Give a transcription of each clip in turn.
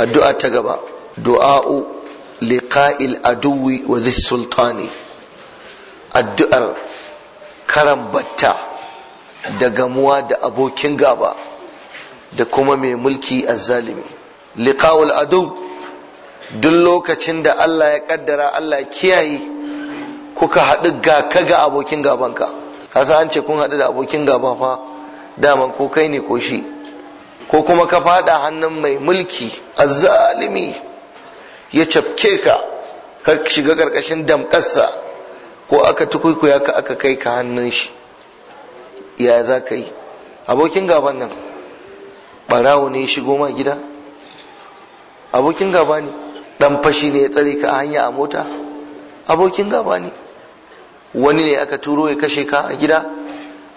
addu'a ta gaba du'a'u liqa'il aduwi wa dhis sultani addu'ar karambatta da gamuwa da abokin gaba da kuma mai mulki azzalimi liqa'ul adu duk lokacin da Allah ya kaddara Allah kiyaye kuka haɗu ga ga abokin gabanka kasa an ce kun haɗu da abokin gaba fa Dama ko kai ne ko shi ko kuma ka fada hannun mai mulki zalimi ya cafke ka ka shiga karkashin damkarsa ko aka tukuikuya ka aka kai ka hannun shi ya za ka yi abokin gaban nan Barawo ne ya shigo ma gida abokin gaba ne Dan fashi ne ya tsare ka a hanya a mota abokin gaba ne wani ne aka turo ya kashe ka a gida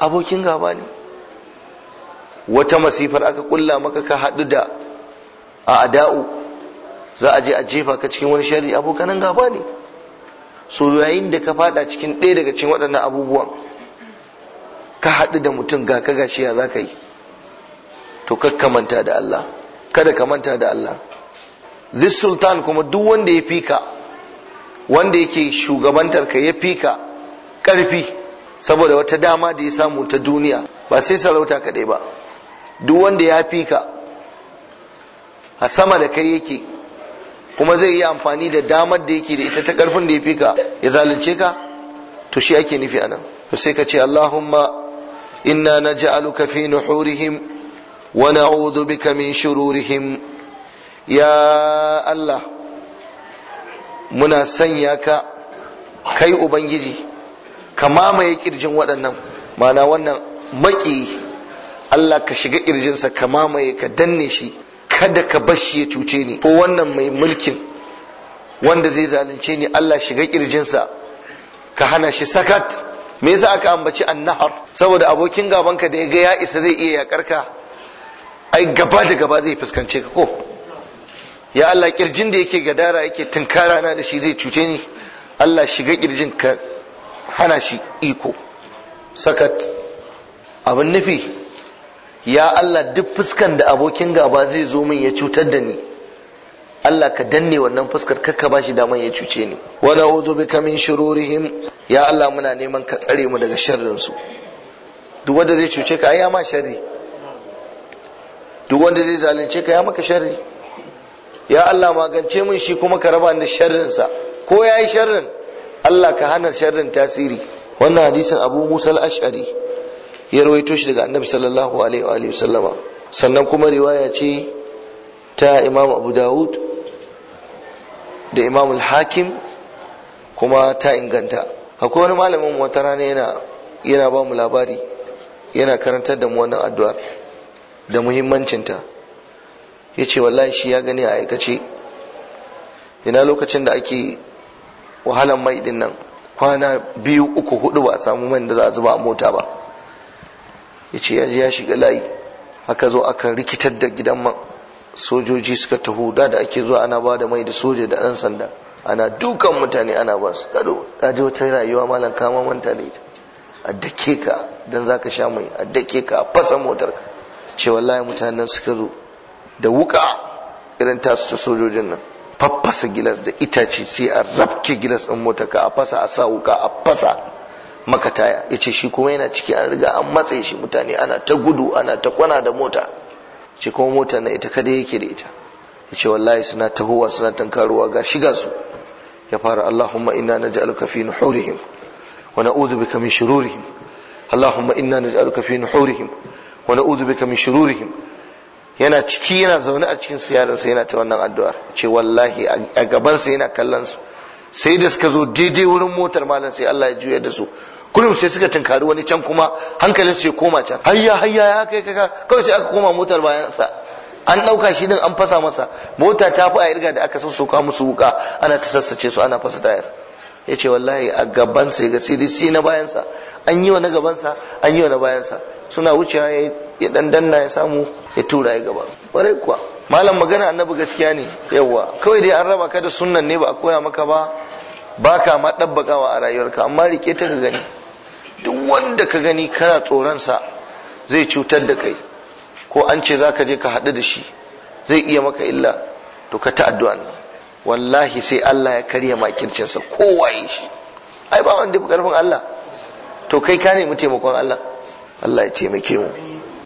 abokin gaba ne wata masifar aka kulla maka ka haɗu da a ada'u za a je a jefa ka cikin wani shari abokanan gaba ne so yayin da ka fada cikin ɗaya daga cikin waɗannan abubuwan ka haɗu da mutum ga ka gashi ya za ka yi to ka manta da Allah kada ka manta da Allah this sultan kuma duk wanda ya fika wanda yake shugabantar ka ya fi ƙarfi saboda wata dama da ya samu ta duniya ba sai sarauta kaɗai ba duk wanda ya fi ka a sama da kai yake kuma zai iya amfani da damar da yake da ita ta karfin da ya fi ka ya zalunce ka to shi ake nufi anan to sai ka ce Allahumma inna naj'aluka fi nuhurihim wa na'udhu bika min shururihim ya Allah muna sanya ka kai ubangiji ka mamaye kirjin waɗannan mana wannan maƙi. Allah ka shiga irjinsa ka mamaye ka danne shi kada ka bashi ya cuce ni ko wannan mai mulkin wanda zai zalunce ni Allah shiga kirjinsa ka hana shi sakat me yasa aka ambaci annahar saboda abokin gabanka da ya ga ya isa zai iya yakar ka ai gaba da gaba zai fuskance ka ko ya Allah kirjin da yake gadara yake tunkara na da shi zai cuce ni Allah shiga kirjin ka hana shi iko sakat abin nufi ya Allah duk fuskan da abokin gaba zai zo min ya cutar da ni Allah ka danne wannan fuskar kakka ba shi daman ya cuce ni wala udu bika min shururihim ya Allah muna neman ka tsare mu daga sharrin su duk wanda zai cuce ka ya ma sharri duk wanda zai zalunce ka ya maka sharri ya Allah magance min shi kuma ka raba ni sharrin sa ko yayi sharrin Allah ka hana sharrin tasiri wannan hadisin Abu Musa al-Ash'ari ya rawaito shi daga annabi sallallahu alaihi wa sallama sannan kuma riwaya ce ta imam abu dawud da imam al-hakim kuma ta inganta akwai wani malamin wata rana yana yana ba mu labari yana karantar da mu wannan addu'ar da muhimmancinta ya ce wallahi shi ya gani a aikace ina lokacin da ake wahalan mai din nan kwana biyu uku hudu ba a samu man da za a zuba a mota ba ya ce ya ya shiga layi Haka zo aka rikitar da gidan sojoji suka taho da da ake zuwa ana ba da mai da soja da ɗan sanda ana dukan mutane ana ba su gado ji wata rayuwa malam kama manta ne a dake ka dan zaka sha mai a dake ka a fasa motar ka ce wallahi mutanen suka zo da wuka irin tasu ta sojojin nan faffasa gilas da itace sai a rafke gilas ɗin motar ka a fasa a sa wuka a fasa makataya ya ce shi kuma yana ciki an riga an matse shi mutane ana ta gudu ana ta kwana da mota ce kuma mota na ita kada yake da ita ya ce wallahi suna tahowa suna tankaruwa ga shiga su ya fara Allahumma inna naj'aluka fi nuhurihim wa na'udhu bika min shururihim Allahumma inna naj'aluka fi nuhurihim wa na'udhu bika min shururihim yana ciki yana zaune a cikin siyarinsa yana ta wannan addu'ar ce wallahi a gabansa yana kallon su sai da suka zo daidai wurin motar malam sai Allah ya juya da su kullum sai suka tunkari wani can kuma hankalin ya koma can hayya hayya ya kai kaka kawai sai aka koma motar bayan sa an ɗauka shi din an fasa masa mota ta fi a irga da aka sassoka musu wuka ana ta sassace su ana fasa tayar ya ce wallahi a gaban ya ga sai na bayansa an yi wa na gabansa an yi wa na bayansa suna wucewa ya dandanna ya samu ya tura ya gaba ƙwarai kuwa malam magana annabi gaskiya ne yawa kawai dai an raba ka da sunnan ne ba a koya maka ba ba ka ma ɗabbakawa a rayuwarka amma rike ta ka gani duk wanda ka gani kana tsoronsa zai cutar da kai ko an ce za ka je ka haɗu da shi zai iya maka illa to ka ta addu'a wallahi sai Allah ya karya makircinsa kowa yi shi ai ba wanda karfin Allah to kai ka nemi taimakon Allah Allah ya taimake mu